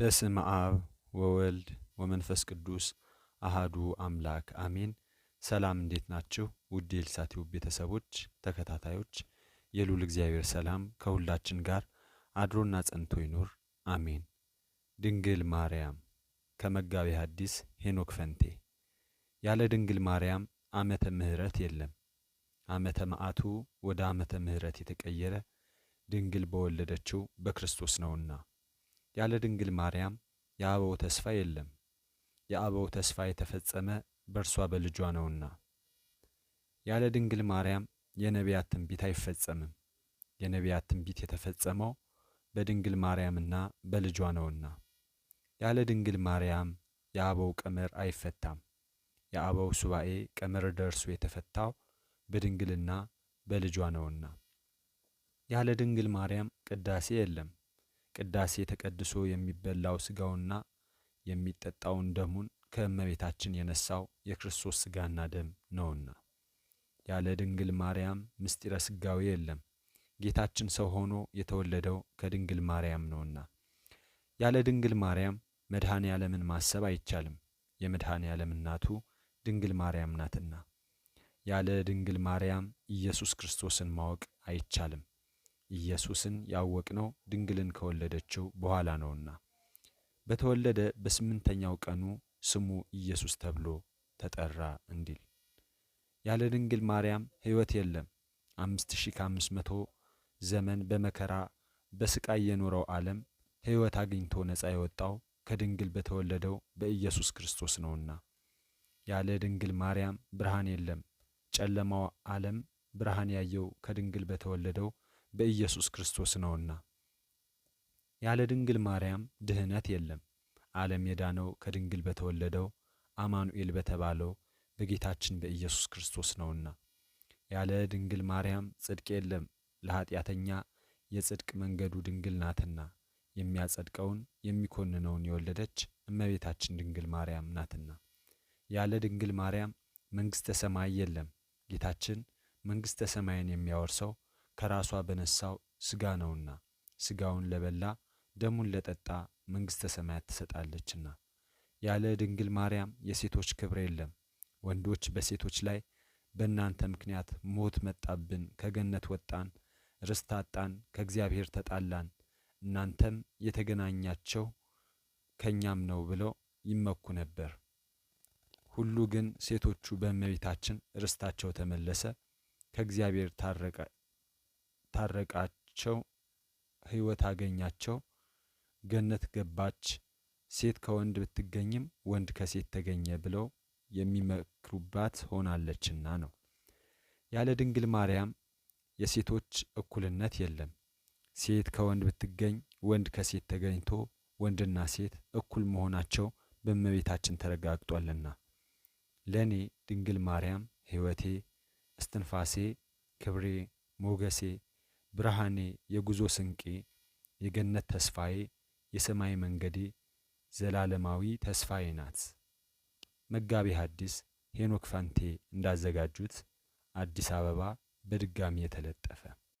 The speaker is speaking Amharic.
በስም አብ ወወልድ ወመንፈስ ቅዱስ አሃዱ አምላክ አሜን። ሰላም እንዴት ናችሁ? ውድ የልሳቴው ቤተሰቦች ተከታታዮች፣ የሉል እግዚአብሔር ሰላም ከሁላችን ጋር አድሮና ጸንቶ ይኖር አሜን። ድንግል ማርያም ከመጋቤ ሐዲስ ሄኖክ ፈንቴ። ያለ ድንግል ማርያም ዓመተ ምሕረት የለም። ዓመተ መዓቱ ወደ ዓመተ ምሕረት የተቀየረ ድንግል በወለደችው በክርስቶስ ነውና ያለ ድንግል ማርያም የአበው ተስፋ የለም። የአበው ተስፋ የተፈጸመ በእርሷ በልጇ ነውና። ያለ ድንግል ማርያም የነቢያት ትንቢት አይፈጸምም። የነቢያት ትንቢት የተፈጸመው በድንግል ማርያምና በልጇ ነውና። ያለ ድንግል ማርያም የአበው ቀመር አይፈታም። የአበው ሱባኤ ቀመር ደርሱ የተፈታው በድንግልና በልጇ ነውና። ያለ ድንግል ማርያም ቅዳሴ የለም። ቅዳሴ ተቀድሶ የሚበላው ስጋውና የሚጠጣውን ደሙን ከእመቤታችን የነሳው የክርስቶስ ስጋና ደም ነውና ያለ ድንግል ማርያም ምስጢረ ስጋዊ የለም። ጌታችን ሰው ሆኖ የተወለደው ከድንግል ማርያም ነውና ያለ ድንግል ማርያም መድኃኔ ዓለምን ማሰብ አይቻልም። የመድኃኔ ዓለም እናቱ ድንግል ማርያም ናትና ያለ ድንግል ማርያም ኢየሱስ ክርስቶስን ማወቅ አይቻልም። ኢየሱስን ያወቅነው ድንግልን ከወለደችው በኋላ ነውና በተወለደ በስምንተኛው ቀኑ ስሙ ኢየሱስ ተብሎ ተጠራ እንዲል ያለ ድንግል ማርያም ሕይወት የለም። አምስት ሺህ ከአምስት መቶ ዘመን በመከራ በስቃይ የኖረው ዓለም ሕይወት አግኝቶ ነፃ የወጣው ከድንግል በተወለደው በኢየሱስ ክርስቶስ ነውና ያለ ድንግል ማርያም ብርሃን የለም። ጨለማው ዓለም ብርሃን ያየው ከድንግል በተወለደው በኢየሱስ ክርስቶስ ነውና። ያለ ድንግል ማርያም ድህነት የለም። ዓለም የዳነው ከድንግል በተወለደው አማኑኤል በተባለው በጌታችን በኢየሱስ ክርስቶስ ነውና። ያለ ድንግል ማርያም ጽድቅ የለም። ለኃጢአተኛ የጽድቅ መንገዱ ድንግል ናትና የሚያጸድቀውን የሚኮንነውን የወለደች እመቤታችን ድንግል ማርያም ናትና። ያለ ድንግል ማርያም መንግሥተ ሰማይ የለም። ጌታችን መንግሥተ ሰማይን የሚያወርሰው ከራሷ በነሳው ስጋ ነውና ስጋውን ለበላ ደሙን ለጠጣ መንግሥተ ሰማያት ትሰጣለችና። ያለ ድንግል ማርያም የሴቶች ክብር የለም። ወንዶች በሴቶች ላይ በእናንተ ምክንያት ሞት መጣብን፣ ከገነት ወጣን፣ ርስት አጣን፣ ከእግዚአብሔር ተጣላን፣ እናንተም የተገናኛቸው ከእኛም ነው ብለው ይመኩ ነበር። ሁሉ ግን ሴቶቹ በእመቤታችን ርስታቸው ተመለሰ፣ ከእግዚአብሔር ታረቃቸው፣ ሕይወት አገኛቸው፣ ገነት ገባች፣ ሴት ከወንድ ብትገኝም ወንድ ከሴት ተገኘ ብለው የሚመክሩባት ሆናለችና ነው። ያለ ድንግል ማርያም የሴቶች እኩልነት የለም። ሴት ከወንድ ብትገኝ ወንድ ከሴት ተገኝቶ ወንድና ሴት እኩል መሆናቸው በእመቤታችን ተረጋግጧልና ለእኔ ድንግል ማርያም ሕይወቴ፣ እስትንፋሴ፣ ክብሬ፣ ሞገሴ ብርሃኔ፣ የጉዞ ስንቄ፣ የገነት ተስፋዬ፣ የሰማይ መንገዴ፣ ዘላለማዊ ተስፋዬ ናት። መጋቢ ሐዲስ ሄኖክ ፋንቴ እንዳዘጋጁት አዲስ አበባ በድጋሚ የተለጠፈ